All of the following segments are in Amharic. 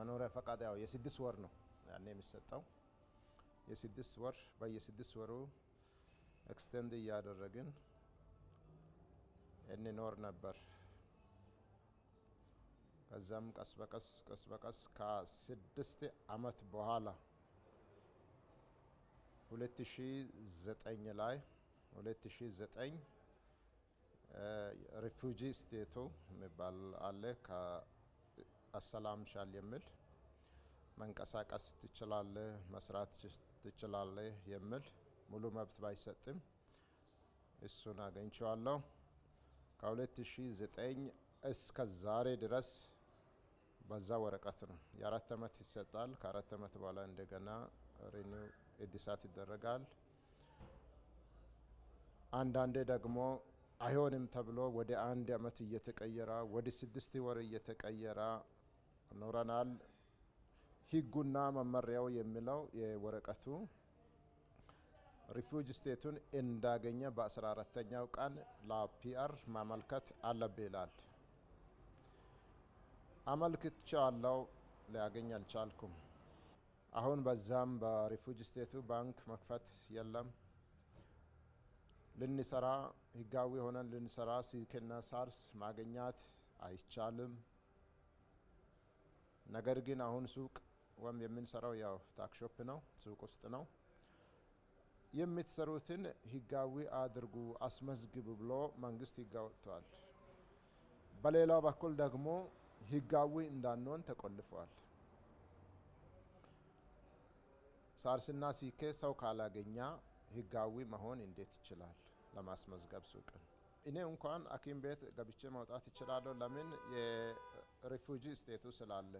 መኖሪያ ፈቃድ ያው የስድስት ወር ነው ያኔ የሚሰጠው። የስድስት ወር በየስድስት ወሩ ኤክስቴንድ እያደረግን እንኖር ነበር። ከዛም ቀስ በቀስ ቀስ በቀስ ከስድስት አመት በኋላ 2009 ላይ 2009 ሪፉጂ ስቴቱ የሚባል አለ አሰላም ሻል የሚል መንቀሳቀስ ትችላለህ፣ መስራት ትችላለህ የሚል ሙሉ መብት ባይሰጥም እሱን አገኝቸዋለሁ። ከ2009 እስከ ዛሬ ድረስ በዛ ወረቀት ነው። የአራት ዓመት ይሰጣል። ከአራት ዓመት በኋላ እንደገና ሪኒው እድሳት ይደረጋል። አንዳንዴ ደግሞ አይሆንም ተብሎ ወደ አንድ አመት እየተቀየረ ወደ ስድስት ወር እየተቀየረ ኑረናል ህጉና መመሪያው የሚለው የወረቀቱ ሪፉጅ ስቴቱን እንዳገኘ በ14ተኛው ቀን ለፒአር ማመልከት አለብ ይላል። አመልክቻለሁ፣ ሊያገኝ አልቻልኩም። አሁን በዛም በሪፉጅ ስቴቱ ባንክ መክፈት የለም ልንሰራ ህጋዊ ሆነን ልንሰራ ሲክና ሳርስ ማገኛት አይቻልም። ነገር ግን አሁን ሱቅ ወም የምንሰራው ያው ታክሾፕ ነው፣ ሱቅ ውስጥ ነው። የምትሰሩትን ህጋዊ አድርጉ አስመዝግብ ብሎ መንግስት ህግ አወጥተዋል። በሌላ በኩል ደግሞ ህጋዊ እንዳንሆን ተቆልፈዋል። ሳርስና ሲኬ ሰው ካላገኛ ህጋዊ መሆን እንዴት ይችላል? ለማስመዝገብ ሱቅን እኔ እንኳን ሐኪም ቤት ገብቼ መውጣት ይችላለሁ። ለምን የሪፉጂ ስቴቱ ስላለ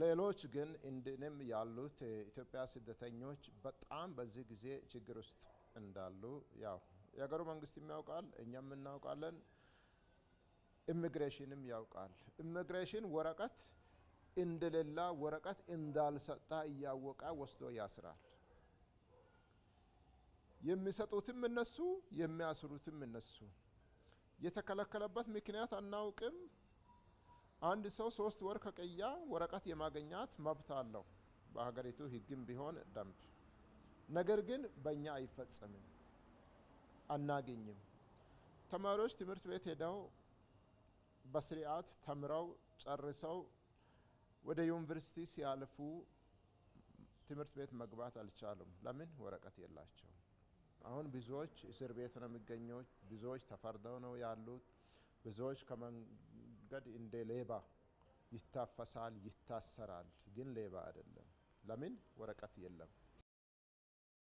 ሌሎች ግን እንድንም ያሉት ኢትዮጵያ ስደተኞች በጣም በዚህ ጊዜ ችግር ውስጥ እንዳሉ ያው የሀገሩ መንግስት ያውቃል፣ እኛም እናውቃለን፣ ኢሚግሬሽንም ያውቃል። ኢሚግሬሽን ወረቀት እንደሌላ ወረቀት እንዳልሰጣ እያወቀ ወስዶ ያስራል። የሚሰጡትም እነሱ የሚያስሩትም እነሱ። የተከለከለበት ምክንያት አናውቅም። አንድ ሰው ሶስት ወር ከቆየ ወረቀት የማግኘት መብት አለው በሀገሪቱ ህግም ቢሆን ደንብ። ነገር ግን በእኛ አይፈጸምም፣ አናገኝም። ተማሪዎች ትምህርት ቤት ሄደው በስርዓት ተምረው ጨርሰው ወደ ዩኒቨርሲቲ ሲያልፉ ትምህርት ቤት መግባት አልቻሉም። ለምን? ወረቀት የላቸው። አሁን ብዙዎች እስር ቤት ነው የሚገኙት። ብዙዎች ተፈርደው ነው ያሉት። ብዙዎች ከመንገድ እንደ ሌባ ይታፈሳል፣ ይታሰራል። ግን ሌባ አይደለም። ለምን? ወረቀት የለም።